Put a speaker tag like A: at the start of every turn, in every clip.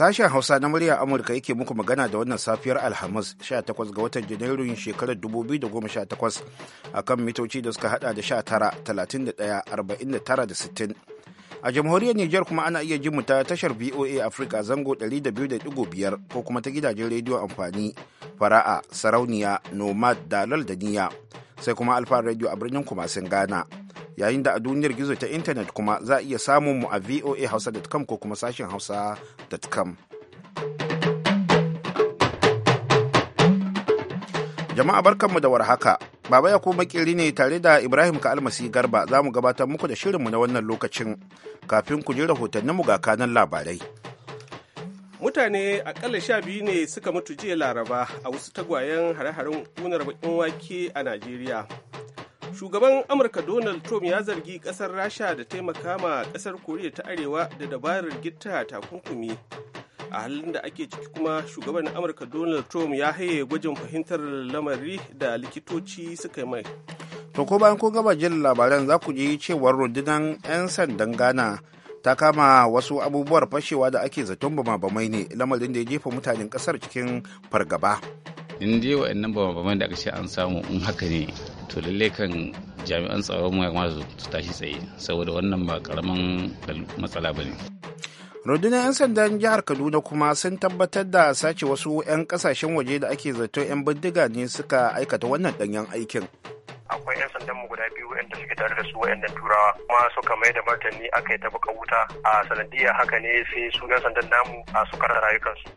A: Sashen Hausa na muryar Amurka yake muku magana da wannan safiyar Alhamis 18 ga watan Janairun shekarar 2018 kan mitoci da suka hada da 19, 31, 49 da 60. a jamhuriyar Nijar kuma ana iya jin mu ta tashar VOA Afirka zango 200.5 ko kuma ta gidajen rediyo amfani fara'a sarauniya nomad dalal da niya sai kuma alfa radio a birnin kumasin Ghana yayin da a duniyar gizo ta intanet kuma za a iya samun mu a voahausa.com ko kuma sashen hausa.com jama'a barkanmu da warhaka baba ya kuma makeri ne tare da ibrahim ka almasi garba za mu gabatar muku da shirinmu na wannan lokacin kafin ku ji mu ga kanan labarai
B: mutane akalla sha biyu ne suka mutu jiya laraba a wasu tagwayen hare-haren kunar bakin wake a najeriya shugaban amurka donald trump ya zargi kasar rasha da taimaka ma kasar koriya ta arewa da dabarar gitta takunkumi a halin da ake ciki kuma shugaban amurka donald trump ya haye gwajin fahimtar lamari da likitoci suka mai
A: to ko bayan kun gama jin labaran za ku ji cewar rundunar 'yan sandan ghana ta kama wasu abubuwar fashewa da ake zaton bama-bamai ne lamarin da ya jefa mutanen kasar cikin fargaba
C: in dai wa'annan bama-bamai da aka ce an samu in haka ne to lalle kan jami'an tsaron mu ya kamata su tashi tsaye saboda wannan ba karaman matsala ba ne.
A: rundunar 'yan sandan jihar kaduna kuma sun tabbatar da sace wasu 'yan kasashen waje da ake zato 'yan bindiga ne suka aikata wannan danyen aikin
D: akwai 'yan sandan mu guda biyu wanda suke tare da su 'yan turawa kuma suka mai da martani aka yi ta baka wuta a sanadiyar haka ne sai su 'yan sandan namu a suka rayukansu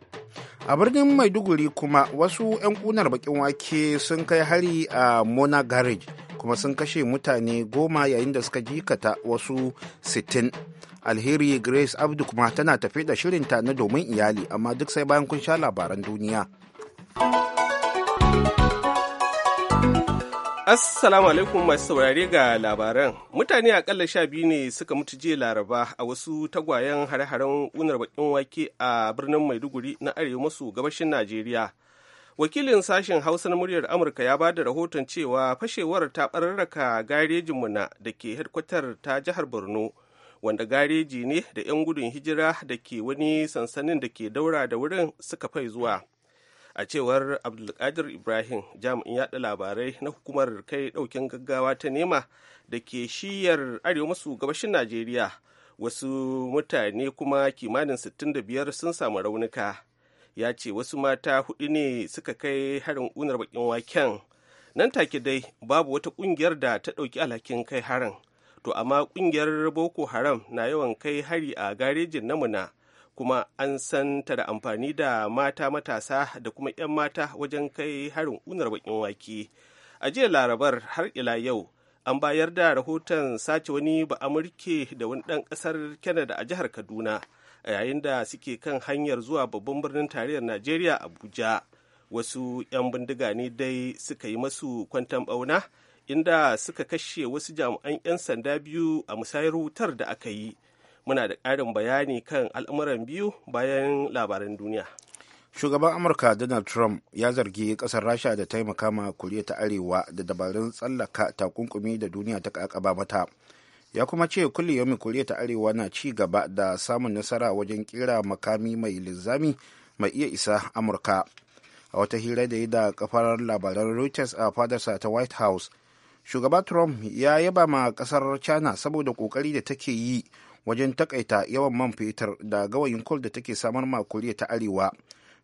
A: a birnin maiduguri kuma wasu 'yan kunar bakin wake sun kai hari a mona garage kuma sun kashe mutane goma yayin da suka jikata wasu 60 alheri grace abdu kuma tana tafe da shirinta na domin iyali amma duk sai bayan kun sha labaran duniya.
B: Assalamu alaikum masu saurare ga labaran. Mutane akalla sha biyu ne suka mutu jiya laraba a wasu tagwayen hare-haren unar bakin wake a birnin Maiduguri na arewa maso gabashin Najeriya. Wakilin sashen Hausa na muryar Amurka ya ba da rahoton cewa fashewar ta ɓararraka garejin muna da ke hedkwatar ta jihar Borno, wanda gareji ne da 'yan gudun hijira da ke wani sansanin da ke daura da wurin suka fai zuwa. a cewar abdulkadir ibrahim jami'in yaɗa labarai na hukumar kai ɗaukin gaggawa ta nema da ke shiyar arewa masu gabashin najeriya wasu mutane kuma kimanin 65 sun samu raunuka ya ce wasu mata hudu ne suka kai harin unar bakin waken nan take dai babu wata kungiyar da ta ɗauki alhakin kai harin to amma kungiyar boko haram na yawan kai hari a garejin namuna kuma an san ta da amfani da mata matasa da kuma 'yan mata wajen kai harin unar bakin wake a jiya larabar har ila yau an bayar da rahoton sace wani Ba'amurke da wani ɗan ƙasar canada a jihar kaduna a yayin da suke kan hanyar zuwa babban birnin tarayyar najeriya abuja wasu 'yan bindiga ne dai suka yi masu kwantan ɓauna inda suka kashe wasu jami'an 'yan sanda biyu a musayar wutar da aka yi muna da ƙarin bayani kan al'amuran biyu bayan labaran duniya
A: shugaban amurka donald trump ya zargi ƙasar rasha da taimaka ma koriya ta arewa da dabarun tsallaka takunkumi da duniya ta kakaba mata ya kuma ce kulle yomi koriya ta arewa na ci gaba da samun nasara wajen kira makami mai linzami mai iya isa amurka a wata hira da yi da kafar labaran reuters a fadarsa ta white house shugaba trump ya yaba ma kasar china saboda ƙoƙari da take yi wajen takaita yawan man fetur da gawayin kol da take samar ma koriya ta arewa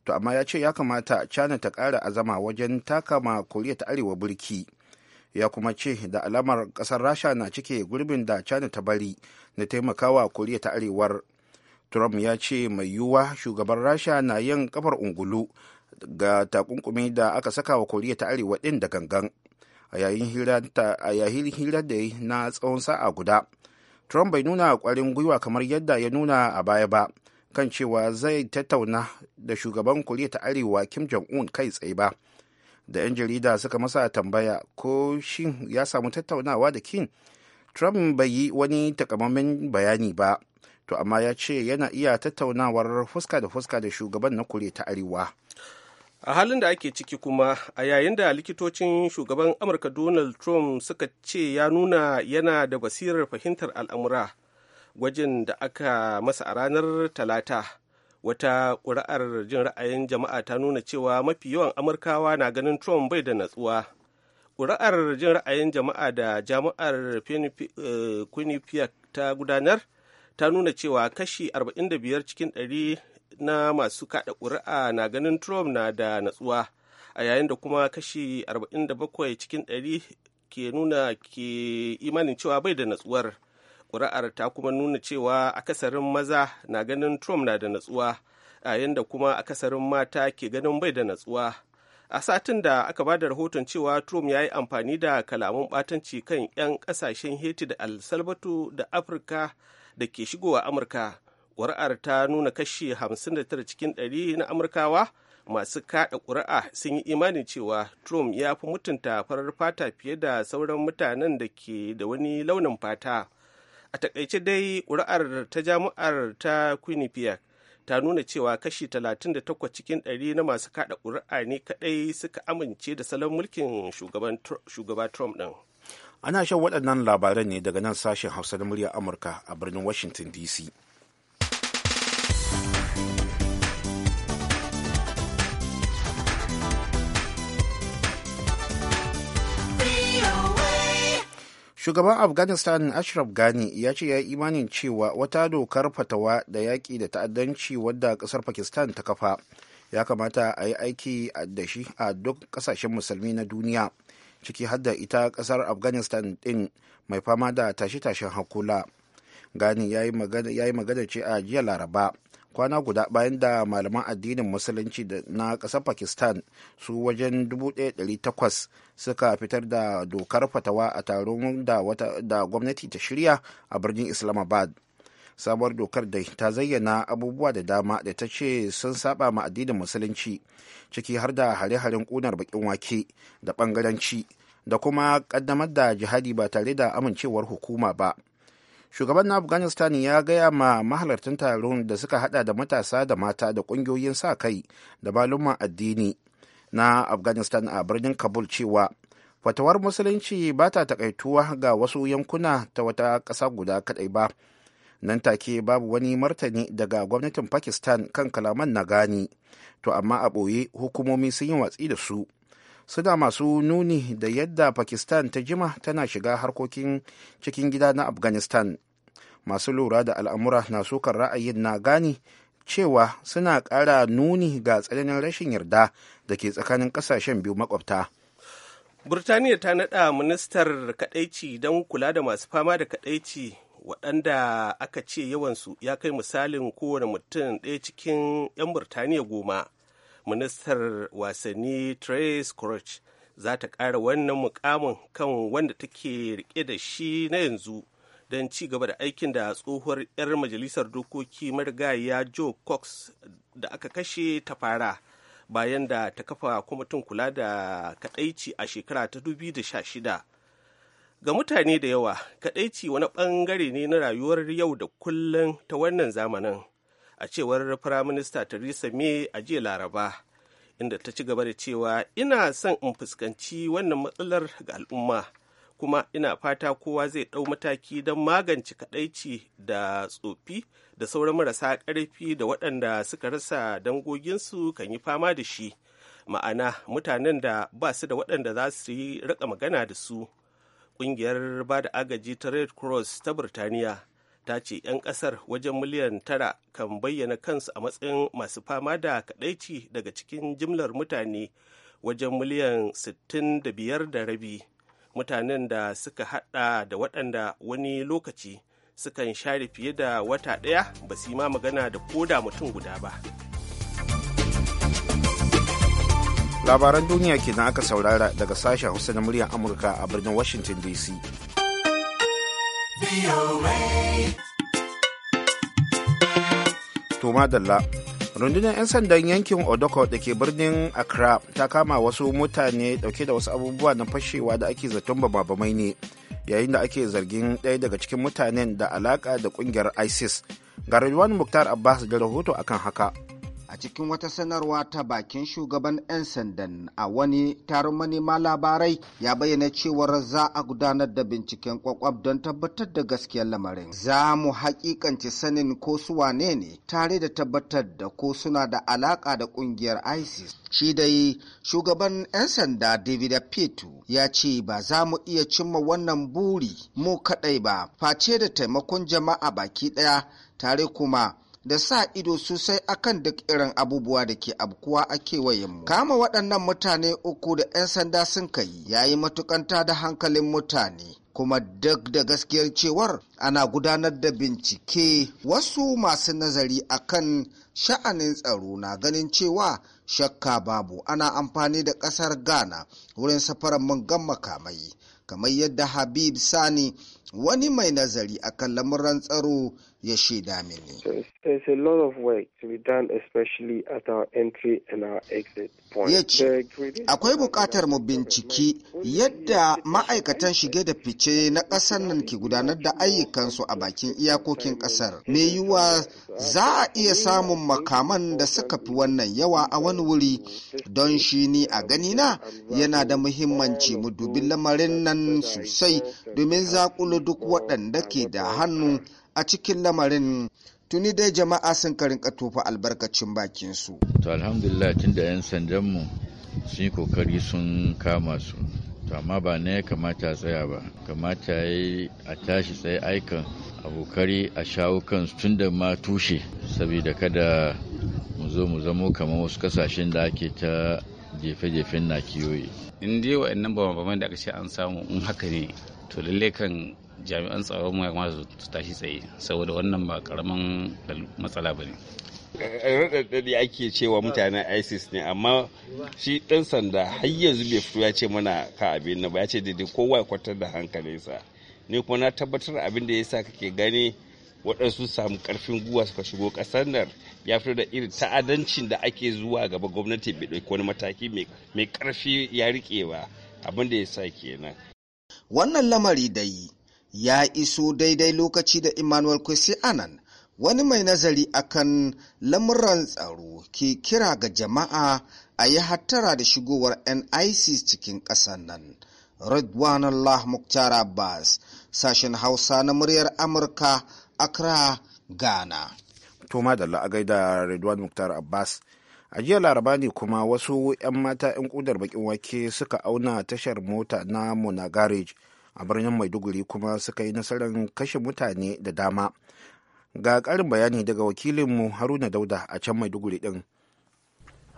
A: to amma ya ce ya kamata china ta kara azama wajen taka ma koriya ta arewa burki ya kuma ce da alamar kasar rasha na cike gurbin da china ta bari na taimakawa koriya ta arewar trump ya ce mai yiwuwa shugaban rasha na yin kafar ungulu ga takunkumi da aka saka wa koriya ta arewa din da gangan a yayin hirar da na tsawon sa'a guda trump bai nuna kwarin gwiwa kamar yadda ya nuna a baya ba kan cewa zai tattauna da shugaban koriya ta arewa kim jong-un kai tsaye ba da 'yan jarida suka masa tambaya ko shin ya samu tattaunawa da kim trump bai yi wani takamaiman bayani ba to amma ya ce yana iya tattaunawar fuska da fuska da shugaban na koriya ta arewa
B: a halin da ake ciki kuma a yayin da likitocin shugaban amurka donald trump suka ce ya nuna yana da basirar fahimtar al'amura gwajin da aka masa a ranar talata wata ƙuri'ar jin ra'ayin jama'a ta nuna cewa mafi yawan amurkawa na ganin trump bai da natsuwa ƙuri'ar jin ra'ayin jama'a da jami'ar eh, quinnipiac ta gudanar ta nuna cewa kashi 45 cikin 100 na masu kada ƙuri'a na ganin trump na da natsuwa a yayin da kuma kashi 47 cikin 100 ke nuna ke imanin cewa bai da natsuwar ƙuri'ar ta kuma nuna cewa akasarin maza na ganin trump na da natsuwa yayin da kuma akasarin mata ke ganin bai da natsuwa a satin da aka ba da rahoton cewa trump ya yi amfani da kalaman batanci kan 'yan ƙasashen haiti da el da afirka da ke shigowa amurka ƙuri'ar ta nuna kashi 59 cikin 100 na amurkawa masu kaɗa ƙuri'a sun yi imanin cewa trump ya fi mutunta farar fata fiye da sauran mutanen da ke da wani launin fata a takaice dai ƙuri'ar ta jami'ar ta quinnipiac ta nuna cewa kashi 38 cikin 100 na masu kaɗa ƙuri'a ne kadai suka amince da salon mulkin shugaba trump ɗin
A: ana shan waɗannan labaran ne daga nan sashen hausa na murya amurka a birnin washington dc shugaban afghanistan ashraf ghani ya ce ya yi imanin cewa wata dokar fatawa da yaƙi da ta'addanci wadda ƙasar pakistan ta kafa ya kamata a yi aiki da shi a duk ƙasashen musulmi na duniya ciki har da ita ƙasar afghanistan ɗin mai fama da tashe-tashen hakula gani ya yi magana ce a jiya laraba kwana guda bayan da malaman addinin musulunci na ƙasar pakistan su wajen 1,800 suka fitar da dokar fatawa a taron da gwamnati ta shirya a birnin islamabad sabuwar dokar da ta zayyana abubuwa da dama da ta ce sun saba ma addinin musulunci ciki har da hare-haren ƙunar bakin wake da ɓangaranci da kuma ƙaddamar da jihadi ba tare da amincewar hukuma ba shugaban na afghanistan ya gaya ma mahalartan taron da suka hada da matasa da mata da kungiyoyin sa kai da malumman addini na afghanistan a birnin kabul cewa fatawar musulunci ba ta takaituwa ga wasu yankuna ta wata ƙasa guda kadai ba nan take babu wani martani daga gwamnatin pakistan kan kalaman na gani to amma a ɓoye hukumomi sun yi watsi da su suna masu nuni da yadda pakistan ta jima tana shiga harkokin cikin gida na afghanistan masu lura da al'amura na sukar ra'ayin na gani cewa suna ƙara nuni ga tsananin rashin yarda da ke tsakanin ƙasashen biyu makwabta.
B: Burtaniya ta naɗa ministar kaɗaici don kula da masu fama da kaɗaici waɗanda aka ce yawansu ya kai misalin kowane mutum ɗaya cikin 'yan Burtaniya goma. ministar wasanni trace crouch za ta ƙara wannan mukamin kan wanda take rike da shi na yanzu don ci gaba da aikin da tsohuwar 'yar majalisar dokoki marigayya joe cox da aka kashe ta fara bayan da ta kafa kwamitin kula da kadaici a shekara ta 2016 ga mutane da yawa kadaici wani bangare ne na rayuwar yau da kullum ta wannan zamanin a cewar firaminista theresa may a jiya laraba inda ta ci gaba da cewa ina son in fuskanci wannan matsalar ga al'umma kuma ina fata kowa zai ɗau mataki don magance kaɗaici da tsofi da sauran marasa ƙarfi da waɗanda suka rasa dangoginsu kan yi fama da shi ma'ana mutanen da ba su da waɗanda za su yi raka magana da su ƙungiyar ba da agaji ta red cross ta burtaniya ta ce 'yan kasar wajen miliyan tara kan bayyana kansu a matsayin masu fama da kadaici daga cikin jimlar mutane wajen miliyan 65 da rabi mutanen da suka hada da waɗanda wani lokaci sukan share fiye da wata ɗaya ba su ma magana da koda mutum guda ba
A: labaran duniya kenan aka saurara daga sashen hausa na muryar amurka a birnin washington dc To madalla, rundunar 'yan sandan yankin Odoko da ke birnin Accra ta kama wasu mutane dauke da wasu abubuwa na fashewa da ake zaton babamai ne, yayin da ake zargin ɗaya daga cikin mutanen da alaka da
E: ƙungiyar ISIS. Ga Rilwan Muktar Abbas da rahoto akan haka. a cikin wata sanarwa ta bakin shugaban 'yan sandan a wani taron manema labarai ya bayyana cewar za a gudanar da binciken kwakwab don tabbatar da gaskiyar lamarin za mu hakikanci sanin ko su wane ne tare da tabbatar da ko suna da alaka da kungiyar isis shi dai shugaban 'yan sanda david Petu ya ce ba za mu iya cimma wannan buri mu kadai ba face da taimakon jama'a baki daya tare kuma da sa ido sosai akan duk irin abubuwa da ke abkuwa a mu Kama waɗannan mutane uku da 'yan sanda sun kai ya yi matukanta da hankalin mutane. kuma duk da gaskiyar cewar ana gudanar da bincike wasu masu nazari akan sha'anin tsaro na ganin cewa shakka babu ana amfani da ƙasar ghana wurin safarar mangan makamai kamar yadda habib sani wani mai nazari akan lamuran tsaro ya shaida mini. Ya ce, akwai buƙatar mu binciki yadda ma'aikatan shige da fice na ƙasar nan ke gudanar da ayyukansu a bakin iyakokin ƙasar. Me yiwuwa za a iya samun makaman da suka fi wannan yawa a wani wuri don shi ni a na yana da muhimmanci mu dubi lamarin nan sosai domin zakulu duk waɗanda ke da hannu a cikin lamarin tuni dai jama'a sun karinka tofa albarkacin bakin su
F: to alhamdulillah tun da 'yan sandanmu sun yi kokari sun kama su to amma ba na ya kamata a tsaya ba kamata ya yi a tashi tsaye aikan abokari a shawo kansu tun da ma tushe saboda kada mu zo mu zamo kamar wasu kasashen da ake ta jefe-jefen nakiyoyi in dai wa'annan ba da aka ce
C: an samu in haka ne to lalle kan jami'an tsaron mu ya kamata su tashi tsaye saboda wannan ba karaman matsala ba ne eh, raɗaɗɗaɗi ake cewa mutanen isis ne amma shi ɗan sanda har yanzu bai fito ya ce mana ka abin na ba ya ce daidai kowa ya kwatar da hankalinsa ne kuma na tabbatar abin da ya sa kake gani waɗansu samu ƙarfin guwa suka shigo ƙasar nan ya fito da irin ta'adancin da ake zuwa gaba gwamnati bai ɗauki wani mataki mai ƙarfi ya riƙe ba abin da ya sa
E: kenan wannan lamari da yi. ya iso daidai lokaci da Emmanuel Kwesi Anan wani mai nazari akan lamuran tsaro ke kira ga jama'a a yi hattara da shigowar NIC cikin ƙasar nan. Ridwan Allah Mukhtar Abbas, sashen Hausa na muryar Amurka, Accra, Ghana. To da a Ridwan Mukhtar Abbas. A
A: jiya laraba ne kuma wasu 'yan mata 'yan kudar bakin wake suka auna tashar mota na Mona Garage a birnin maiduguri kuma suka yi nasarar kashe mutane da dama ga ƙarin bayani daga wakilinmu haruna dauda a can maiduguri ɗin.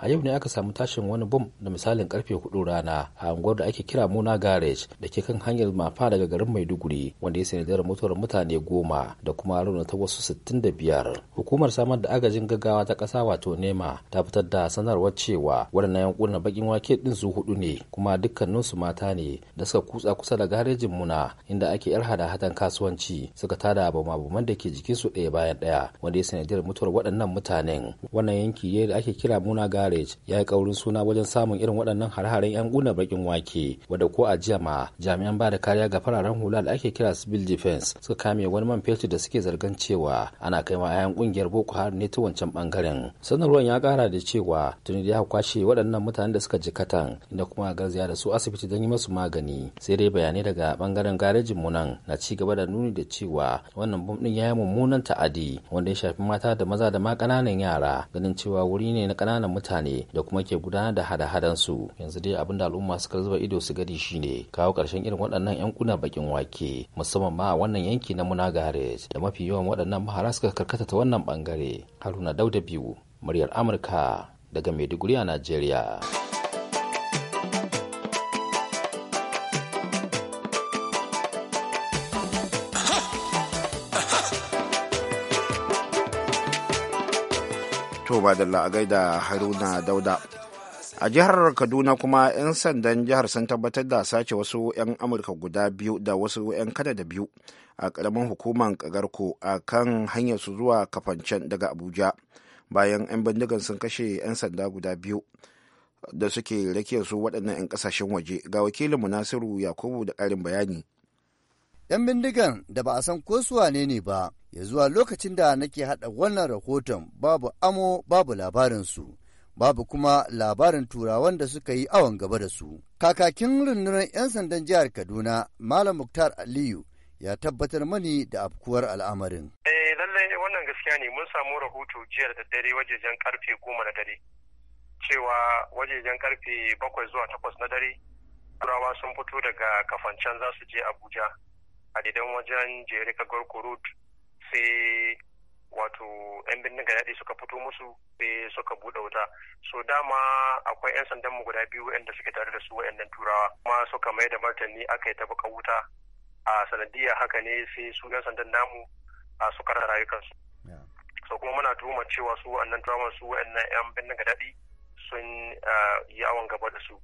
G: a yau ne aka samu tashin wani bom da misalin karfe hudu rana a unguwar da ake kira muna garage da ke kan hanyar mafa daga garin maiduguri wanda ya sanadar mutuwar mutane goma da kuma ta wasu sittin da biyar hukumar samar da agajin gaggawa ta kasa wato nema ta fitar da sanarwar cewa waɗannan yankunan bakin wake ɗin su hudu ne kuma dukkaninsu mata ne da suka kutsa kusa da garejin muna inda ake yar hada-hadan kasuwanci suka tada bama da ke jikinsu ɗaya bayan ɗaya wanda ya sanadar mutuwar waɗannan mutanen wannan yanki da ake kira muna garage Farage ya yi kaurin suna wajen samun irin waɗannan har-haren 'yan ƙunar bakin wake wadda ko a jiya ma jami'an ba da kariya ga fararen hula da ake kira civil defense suka kame wani man fetur da suke zargan cewa ana kai ma 'yan ƙungiyar Boko Haram ne ta wancan bangaren. Sanarwar ya kara da cewa tuni da ya kwashe waɗannan mutanen da suka jikatan inda kuma garzaya da su asibiti don yi masu magani sai dai bayanai daga bangaren garejin mu nan na ci gaba da nuni da cewa wannan bom ɗin ya yi mummunan ta'adi wanda ya shafi mata da maza da ma ƙananan yara ganin cewa wuri ne na ƙananan mutane mutane da kuma ke gudanar da hada-hadan su yanzu dai abin da al'umma suka zuba ido su gani shine kawo karshen irin waɗannan yan kuna bakin wake musamman ma a wannan yanki na munagares da mafi yawan waɗannan mahara suka karkata ta wannan bangare Haruna Dauda biyu muryar Amurka daga Maiduguri a Najeriya.
A: to da a gaida haruna dauda a jihar kaduna kuma 'yan sandan jihar sun tabbatar da sace wasu 'yan amurka guda biyu da wasu 'yan kanada biyu a karamin hukumar kagarko a kan hanyar su zuwa kafancen daga abuja bayan 'yan bindigan sun kashe 'yan sanda guda biyu da suke rakiyar su waɗannan 'yan ƙasashen waje ga wakilin munasiru
F: yakubu da ƙarin bayani 'yan bindigan da ba a san ko su wane ne ba ya zuwa lokacin da nake haɗa wannan rahoton babu amo babu labarinsu babu kuma labarin turawan da suka yi awon gaba da su kakakin rundunar 'yan sandan jihar kaduna malam muktar aliyu ya tabbatar mani da afkuwar al'amarin
D: eh, lallai wannan gaskiya ne mun samu rahoto jiya da dare wajejen karfe goma na dare cewa wajejen karfe bakwai zuwa takwas na dare turawa sun fito daga kafancan za su je abuja a didan wajen jerika gorko road sai wato yan birnin gadadi suka fito musu sai suka buɗe wuta so dama akwai yan sandan mu guda biyu wanda suke tare da su wayannan turawa kuma suka mai da martani aka yi ta baka wuta a sanadiyar haka ne sai su yan sandan namu a suka rasa rayukansu so kuma muna tuhumar cewa su wa'annan turawa su wa'annan yan birnin gadadi sun yi awon gaba da su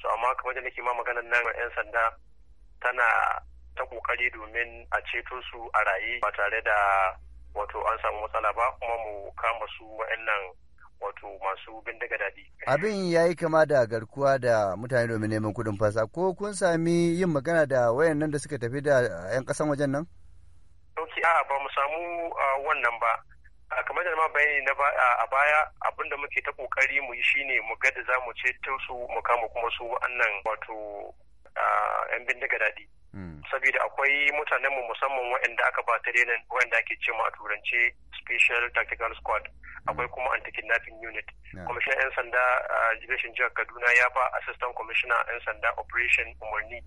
D: so amma kamar da nake ma maganar nan yan sanda tana ta kokari domin a ceto su a raye ba tare da wato an samu matsala ba kuma mu kama su wa'annan wato masu bindiga daɗi.
F: Abin ya yi kama da garkuwa da mutane domin neman kudin fasa ko kun sami yin magana da wayannan da suka tafi da 'yan ƙasan wajen nan?
H: Dauki a ba mu samu
D: wannan ba. kamar da ma bayani na a baya abin da muke ta kokari mu yi shine mu ga da za mu ceto su mu kama kuma su wa'annan wato 'yan bindiga daɗi. Mm. saboda akwai mutanen mu musamman waɗanda aka ba training waɗanda ake cewa a turance special tactical squad akwai mm. kuma anti kidnapping unit commissioner yan sanda a jibishin jihar kaduna ya ba assistant commissioner yan sanda operation umarni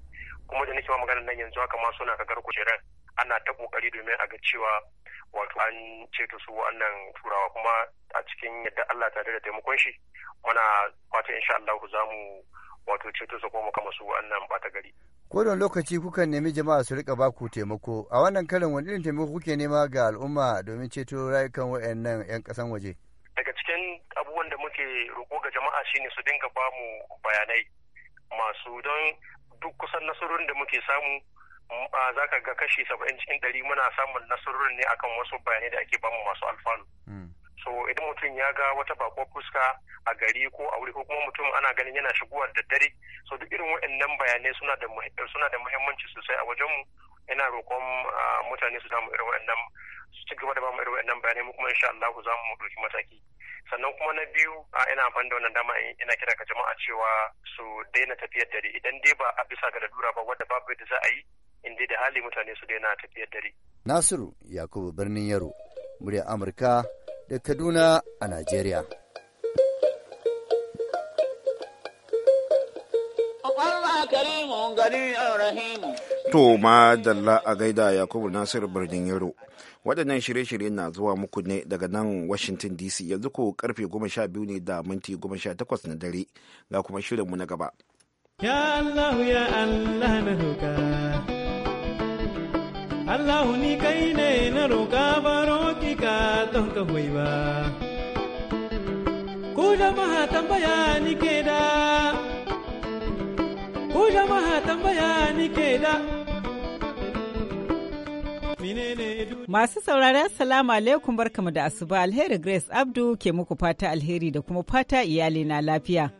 D: kuma da nake ma magana nan yanzu haka ma suna kagar kujeran ana ta kokari domin a ga cewa wato an ceto su wannan turawa kuma a cikin yadda Allah ta da taimakon shi muna fatan insha allahu za mu wato ceto su koma kama su wannan bata gari.
F: Ko lokaci kuka nemi jama'a su rika baku taimako a wannan karin wani irin taimako kuke nema ga al'umma domin ceto rayukan wayannan 'yan kasan waje. Daga cikin
D: abubuwan da muke roƙo ga jama'a shine su dinga ba bayanai masu don duk kusan nasarorin da muke samu mm, za ka ga kashi saba'in cikin ɗari muna samun nasarorin ne akan wasu bayanai da ake bamu masu alfanu. Hmm. so idan mutum ya ga wata bako fuska a gari ko a wuri ko kuma mutum ana ganin yana shigowa da dare so duk irin waɗannan bayanai suna da suna muhimmanci sosai a wajen mu ina roƙon mutane su damu irin waɗannan su ci gaba da bamu irin waɗannan bayanai mu kuma insha Allah za mu ɗauki mataki sannan kuma na biyu ina amfani da wannan dama ina kira ga jama'a cewa su daina tafiyar dare idan dai ba a bisa ga lalura ba wanda babu yadda za a yi in dai da hali mutane su daina tafiyar dare.
F: Nasiru Yakubu Birnin Yaro, murya Amurka da Kaduna a Najeriya.
A: To ma dalla a gaida Yakubu Nasir Birnin Yaro. Waɗannan shirye-shirye na zuwa muku ne daga nan Washington DC yanzu ko karfe sha biyu ne da minti 18 na dare ga kuma shirinmu na gaba. Ya Allah ya Allah
C: na roƙa. Allahu ni kai ne na roƙa baro ki ka don ka hoyi ba. Ku jama'a
I: tambaya ke da, Masu saurara salamu alaikum barkamu da asuba alheri Grace Abdu ke muku fata alheri da kuma fata iyali na lafiya.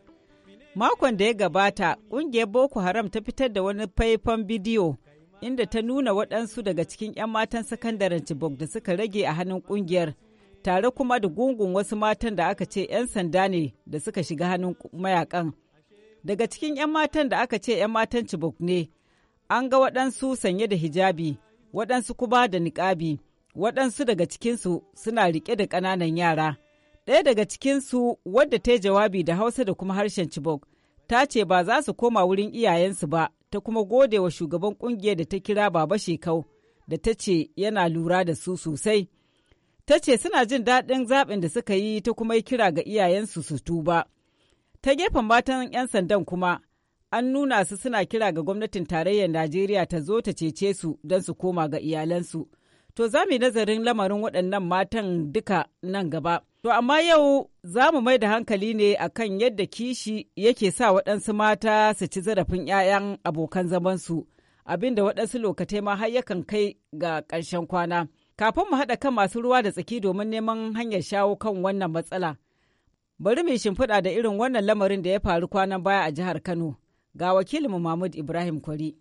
I: Makon da ya gabata, ƙungiyar Boko Haram ta fitar da wani faifan bidiyo inda ta nuna waɗansu daga cikin 'yan matan sakandaren Chibok da suka rage a hannun ƙungiyar, tare kuma da gungun wasu matan da aka ce 'yan sanda ne da suka shiga hannun mayakan. Daga cikin 'yan matan da aka ce 'yan matan Chibok ne, an ga waɗansu sanye da hijabi, waɗansu kuma da niƙabi, waɗansu daga cikinsu suna riƙe da ƙananan yara. Ɗaya daga cikinsu wadda ta yi jawabi da Hausa da kuma harshen Chibok, ta ce ba za su koma wurin iyayensu ba ta kuma gode wa shugaban kungiyar da ta kira Baba Shekau da ta ce yana lura da su sosai. Ta ce suna jin daɗin zaɓin da suka yi ta kuma yi kira ga iyayensu su tuba. Ta gefen matan 'yan sandan kuma an nuna su suna kira ga gwamnatin tarayyar Najeriya ta zo ta cece su don su koma ga iyalansu. To za mu yi nazarin lamarin waɗannan matan duka nan gaba. To amma yau za mu mai da hankali ne a kan yadda kishi yake sa waɗansu mata su ci zarafin 'ya'yan abokan zamansu, abinda waɗansu lokatai ma har yakan kai ga ƙarshen kwana. Kafin mu haɗa kan masu ruwa da tsaki domin neman hanyar shawo kan wannan matsala. Bari mu shimfiɗa da irin wannan lamarin da ya faru kwanan baya a jihar Kano. Ga wakilinmu Mahmud Ibrahim Kwari.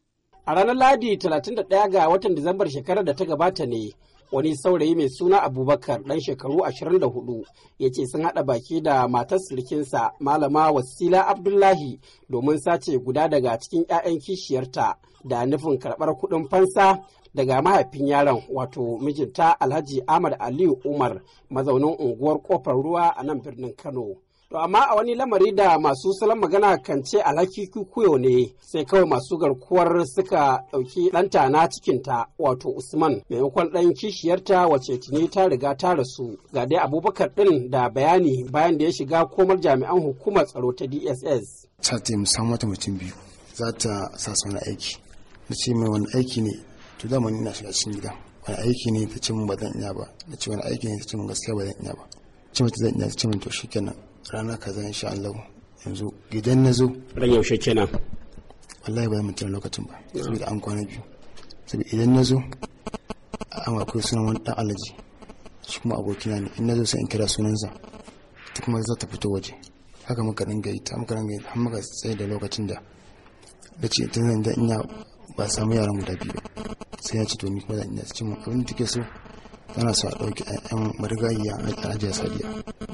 C: A ranar Ladi 31 ga watan Disambar shekarar da ta gabata ne, wani saurayi mai suna Abubakar ɗan shekaru 24 ya ce sun haɗa baki da matar sulkinsa Malama Wasila Abdullahi domin sace guda daga cikin 'ya'yan kishiyarta da nufin karɓar kuɗin fansa daga mahaifin yaron wato mijinta Alhaji Ahmad Aliyu Umar mazaunin unguwar Kofar Ruwa a nan birnin Kano. To amma a wani lamari da masu salon magana kan ce alhaki kuyo ne sai kawai masu garkuwar suka ɗauki ɗanta na cikinta wato Usman maimakon ɗan kishiyarta wace tuni ta riga ta rasu. Ga dai Abubakar ɗin da bayani bayan da ya shiga komar jami'an hukumar tsaro ta DSS.
J: Ta ce musamman wata mutum biyu za ta sa wani aiki. Na ce mai wani aiki ne to dama ina shiga cikin gida. Wani aiki ne ta ce mun ba zan iya ba. Na ce wani aiki ne ta ce mun gaskiya ba zan iya ba. Ce mata zan iya ta ce mun to shikenan. rana kaza insha Allah yanzu gidan na zo ran yaushe kenan wallahi ba mutum lokacin ba saboda an kwana biyu saboda idan na zo an akwai sunan wani dan alaji shi kuma abokin ne in na zo sai in kira sunansa ta kuma za ta fito waje haka muka dinga yi ta muka dinga yi har muka tsaye da lokacin da da ce ta zan da ina ba samu yaran guda biyu sai ya ce to ni kuma zan ina cikin abin da take so yana so a ɗauki ɗan marigayiya a ajiyar sadiya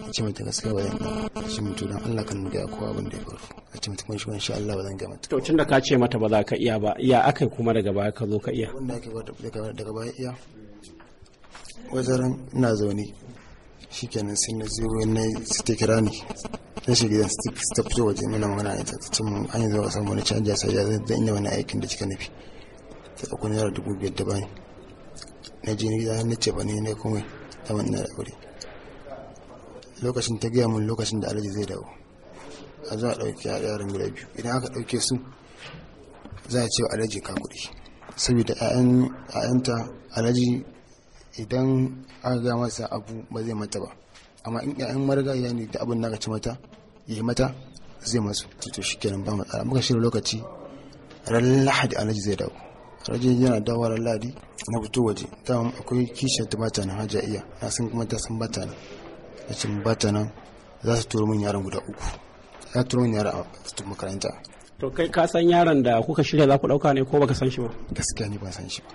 J: a ce mata gaskiya ba zan ɗaga shi mutu don allah kan gaya kowa abin da ya faru a ce mutu shi insha allah ba zan gama
C: ta to da ka ce mata ba za ka iya ba iya
J: akai kuma daga baya ka zo ka iya. wanda ake daga baya iya wazaran ina zaune shi kenan sai na zo na su ta kira ni ta shiga gidan su ta fito waje nuna magana ne ta tun an yi zuwa samu wani canji a sai ya zai inda wani aikin da cika nufi ta ɗauko naira dubu biyar da bani. na je gida na ce ba ne na kuma ta ina da lokacin ta gaya mun lokacin da alhaji zai dawo a za a ɗauki yaran guda biyu idan aka ɗauke su za a ce wa alhaji ka kuɗi saboda ƴaƴanta alhaji idan aka gaya masa abu ba zai mata ba amma in 'ya'yan ya ne da abin na ci mata ya yi mata zai masu to shi kenan ba matsala muka shirya lokaci ran lahadi alhaji zai dawo rajin yana dawara ladi na fito waje ta akwai kishin ta bata nan haja iya na san kuma ta sun bata nan na cin bata nan za su turo min yaran guda uku za su turo min yaran a cikin makaranta
C: to kai ka san yaran da kuka shirya za ku dauka ne ko baka san shi ba gaskiya ne ba san shi ba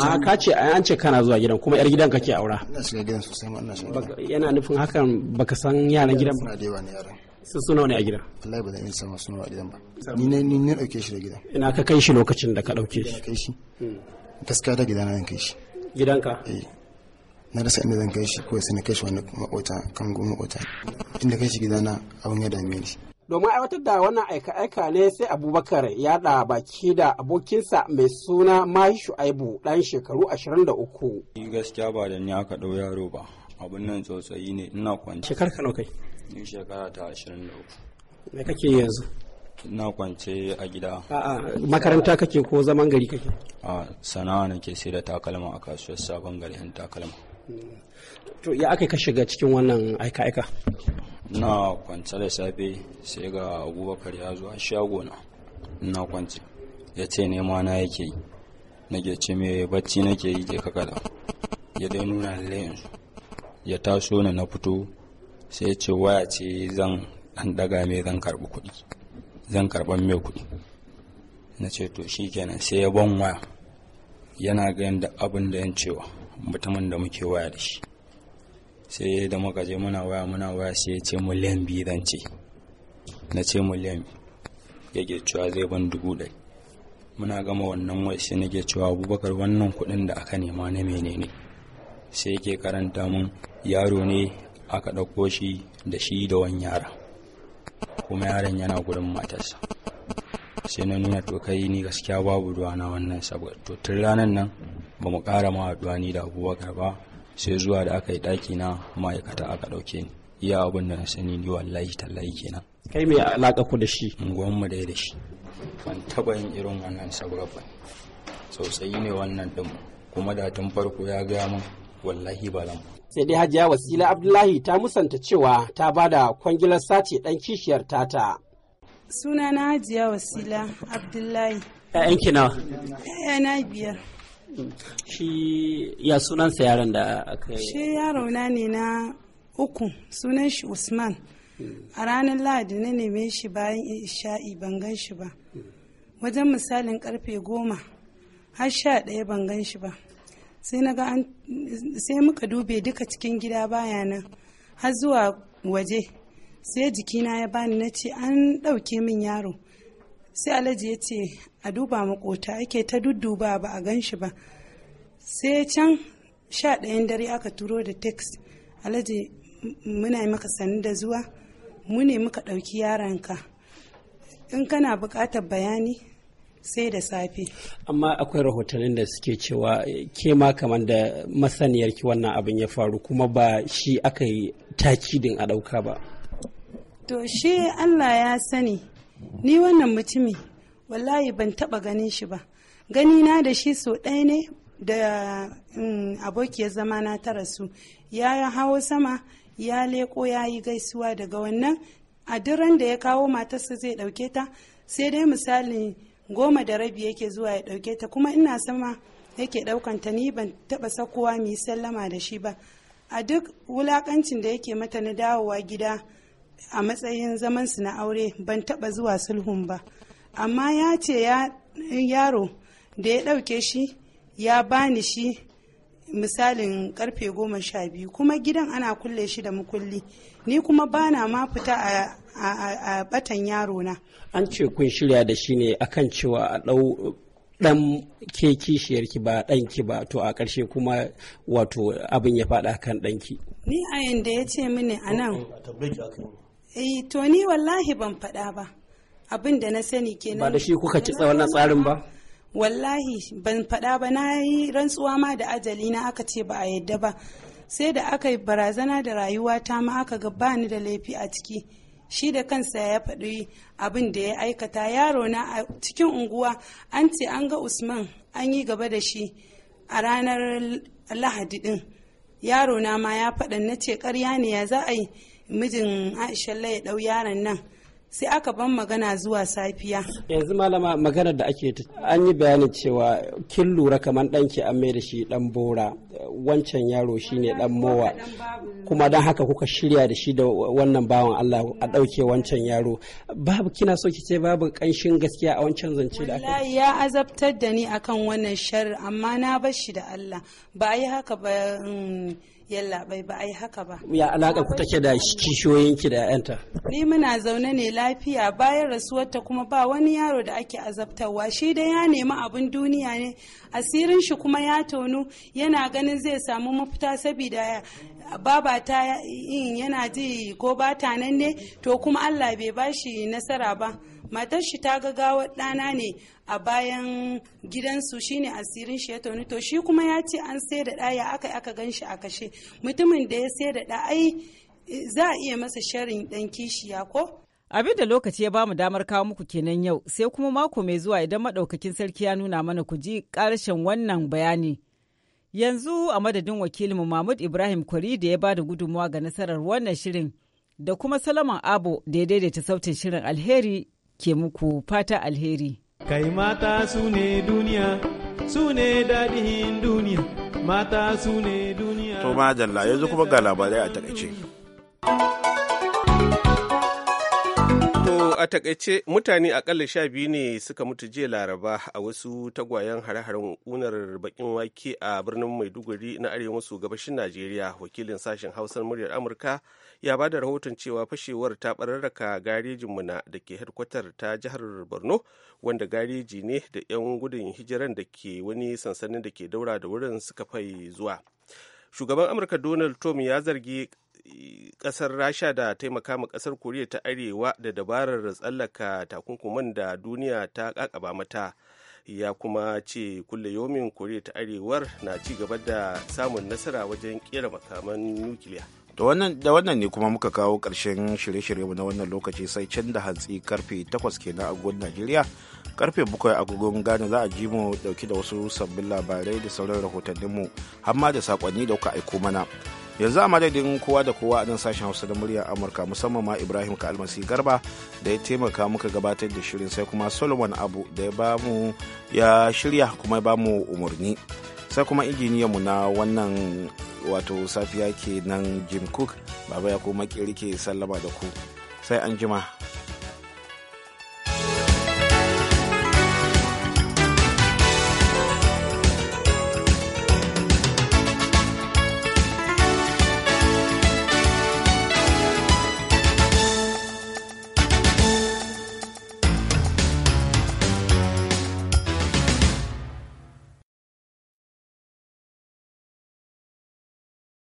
C: amma ka ce an ce kana zuwa gidan kuma yar gidan kake aura
J: ina shiga gidan sosai ma ina shiga yana nufin
C: hakan baka san yaran gidan ba
J: ne yaran su suna ne a gidan wallahi ba zan iya samu suna a gidan ba ni ne ni ne dauke shi da gidan ina ka kai shi lokacin da ka dauke shi kai shi hmm. gaskiya da gidana zan kai shi gidanka eh na rasa inda zan kai shi ko sai na kai shi wani makota kan goma makota inda kai shi gidana abun ya dame ni
C: domin aiwatar da wannan aika-aika ne sai abubakar ya da baki da abokinsa mai suna mahi shu'aibu dan shekaru 23
K: gaskiya ba da ni aka ɗau yaro ba abin nan tsotsayi ne ina kwanci shekar ka kai ni shekara ta 23
C: me kake yanzu
K: na kwance a gida a'a makaranta
C: kake ko zaman gari kake
K: a sana'a nake sai da takalma a kasuwar sabon garin takalma
C: to ya aka kashe shiga cikin wannan aika-aika na
K: kwance da safe sai ga abubakar ya zo a shagona na kwance ya ce nema na yake yi nake ce mai bacci nake yi ke kakada ya dai nuna lalayin ya taso na na fito sai ce waya ce zan an daga mai zan karbi kuɗi zan karban mai kuɗi na ce to shi kenan sai ya ban waya yana ga da abin da yan cewa mutumin da muke waya da shi sai da muka je muna waya muna waya sai ya ce miliyan biyu zan ce na ce miliyan ke cewa zai ban dubu ɗari muna gama wannan wai sai ke cewa abubakar wannan kuɗin da aka nema na menene sai ke karanta mun yaro ne aka ɗauko shi da shi da wani yara kuma yaron yana gudun matarsa sai na nuna to kai ni gaskiya babu ruwa na wannan saboda to tun ranar nan ba mu ƙara ma ruwa ni da abubakar ba sai zuwa da aka yi ɗaki na ma'aikata aka ɗauke ni iya abin da na sani ni wallahi tallahi kenan kai mai alaƙa ku da shi unguwan mu dai da shi ban taɓa yin irin wannan saboda ba sosai ne wannan ɗin kuma da tun farko ya gaya min wallahi ba
C: zan sai dai hajiya wasila abdullahi ta musanta cewa ta ba da kwangilar sace dan kishiyar tata
H: suna na hajiya wasila abdullahi ƴaƴanki nawa biyar
C: shi ya sunansa yaron da aka yi shi
H: yaro na ne na uku sunan shi usman a ranar lahadi na neme shi bayan isha'i ban gan shi ba wajen misalin karfe goma har sha ɗaya ban gan shi ba sai na ga sai muka dube duka cikin gida baya nan har zuwa waje sai jikina ya bani na ce an ɗauke min yaro sai alhaji ya ce a duba makota ake ta dudduba ba a gan shi ba sai can sha ɗayan dare aka turo da text alhaji muna maka sani da zuwa mu muka ɗauki yaranka in kana buƙatar bayani sai da safe
C: amma akwai rahotannin da suke cewa eh, ke ma kamar da masaniyar ki wannan abin ya faru kuma ba shi aka yi takidin a ɗauka ba
H: to shi allah ya sani ni wannan mutumi wallahi ban taba ganin shi ba gani na da shi so ɗaya ne da mm, abokiyar zama na ta rasu ya hawo sama ya leko ya yi gaisuwa daga wannan a duran da ya kawo matarsa zai ɗauke ta sai dai misalin goma da rabi yake zuwa ya ɗauke ta kuma ina sama yake ɗaukan ta ni ban taba sakowa mu yi sallama da shi ba a duk wulakancin da yake mata na dawowa gida a matsayin zaman su na aure ban taba zuwa sulhun ba amma ya ce yaro da ya ɗauke shi ya bani shi misalin karfe goma sha biyu kuma gidan ana kulle shi da mukulli ni kuma bana ma fita a a batan yaro na
C: an ce kun shirya da shi ne akan cewa a ɗau ɗan ke kishiyarki ba ɗanki ba to a ƙarshe kuma wato abin ya faɗa kan ɗanki.
H: Ni a yanda ya ce mini a nan. Eh to ni wallahi ban faɗa ba. Abin da na sani kenan. Ba da shi kuka ci wannan tsarin ba? Wallahi ban faɗa ba na yi rantsuwa ma da ajali na aka ce ba a yadda ba. Sai da aka yi barazana da rayuwata ma aka ga bani da laifi a ciki. shi da kansa ya faɗi abin da ya aikata yaro na cikin unguwa an ce an ga usman an yi gaba da shi a ranar lahadi din yaro na ma ya faɗa na ce ƙarya ne ya za a yi mijin aisha ya ɗau yaron nan sai aka ban magana zuwa safiya
C: yanzu malama maganar da ake an yi bayani cewa kin lura kamar danki an mai da shi dan bora wancan yaro shine dan mowa kuma don haka kuka shirya da shi da wannan bawan Allah a dauke wancan yaro babu kina so ki ce babu kanshin gaskiya a wancan zance da aka
H: ya azabtar da ni akan wannan sharri amma na bar shi da Allah ba a yi haka ba mm, yalla bai ba ai haka ba ya
C: alaka ku take da kishiyoyin da yanta
H: ni muna zaune ne lafiya bayan rasuwarta kuma ba wani yaro da ake azabtarwa shi dai ya nemi abin duniya ne asirin shi kuma ya tonu yana ganin zai samu mafita saboda baba ta yin yana ji ko ba ta nan ne to kuma Allah bai bashi nasara ba matar shi ta ga gawar ɗana ne a bayan gidansu shine asirin shi ya tauni to shi kuma ya ce an sai da ɗaya aka aka ganshi a kashe mutumin da ya sai da ai za a iya masa sharin ɗan kishiya ko
I: abin da lokaci ya bamu damar kawo muku kenan yau sai kuma mako mai zuwa idan maɗaukakin sarki ya nuna mana ku ji ƙarshen wannan bayani yanzu a madadin wakilinmu mahmud ibrahim kwari da ya ba da gudunmawa ga nasarar wannan shirin da kuma salaman abo da ya daidaita sautin shirin alheri ke muku fata alheri. Kai mata su ne duniya, su ne daɗin duniya, mata su ne duniya. To ma
A: jalla yanzu kuma ga labarai a takaice.
B: a takaice mutane akalla sha biyu ne suka mutu jiya laraba a wasu tagwayen hare-haren kunar bakin wake a birnin maiduguri na arewa maso gabashin najeriya wakilin sashen hausar muryar amurka ya ba da rahoton cewa fashewar ta bararraka garejin muna da ke hedkwatar ta jihar borno wanda gareji ne da 'yan gudun hijiran da ke wani sansanin da ke daura da wurin suka fai zuwa shugaban amurka donald trump ya zargi kasar rasha da taimaka ma kasar koriya ta arewa da dabarar tsallaka takunkuman da duniya ta kakaba mata ya kuma ce kulle yomin koriya ta arewar na ci gaba da samun nasara wajen kera makaman nukiliya
A: da wannan ne kuma muka kawo karshen shirye-shiryenmu na wannan lokaci sai can da hantsi karfe 8 kenan agogon najeriya karfe 7 agogon gane za a ji mu dauki da wasu sabbin labarai da sauran rahotanninmu har da sakonni da kuka aiko mana yanzu a madadin kowa da kowa a nan sashen hausa da muryar amurka musamman ma ibrahim ka almasi garba da ya taimaka muka gabatar da shirin sai kuma solomon abu da ya bamu ya shirya kuma ya bamu umarni sai kuma injiniyanmu na wannan wato safiya ke nan jim cook baba ya kuma ke sallama da ku sai an jima